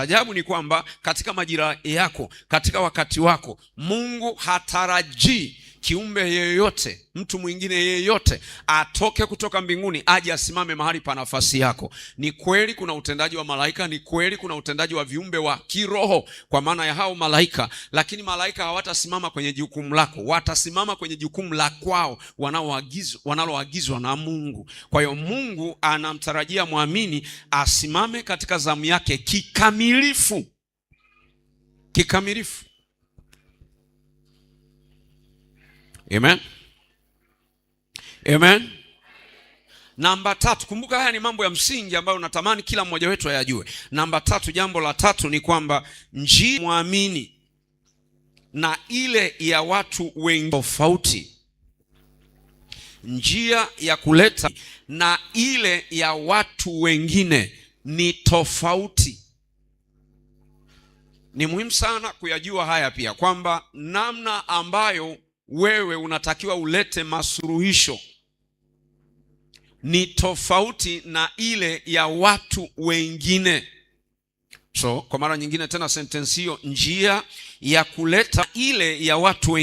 Ajabu ni kwamba katika majira yako, katika wakati wako, Mungu hatarajii kiumbe yeyote, mtu mwingine yeyote atoke kutoka mbinguni aje asimame mahali pa nafasi yako. Ni kweli kuna utendaji wa malaika, ni kweli kuna utendaji wa viumbe wa kiroho kwa maana ya hao malaika, lakini malaika hawatasimama kwenye jukumu lako, watasimama kwenye jukumu la kwao wanaloagizwa na Mungu. Kwa hiyo Mungu anamtarajia mwamini asimame katika zamu yake kikamilifu, kikamilifu. Amen. Amen. Namba tatu, kumbuka haya ni mambo ya msingi ambayo natamani kila mmoja wetu ayajue. Namba tatu, jambo la tatu ni kwamba njia mwamini na ile ya watu wengi tofauti. Njia ya kuleta na ile ya watu wengine ni tofauti. Ni muhimu sana kuyajua haya pia kwamba namna ambayo wewe unatakiwa ulete masuluhisho, ni tofauti na ile ya watu wengine. So kwa mara nyingine tena sentensi hiyo, njia ya kuleta ile ya watu wengine.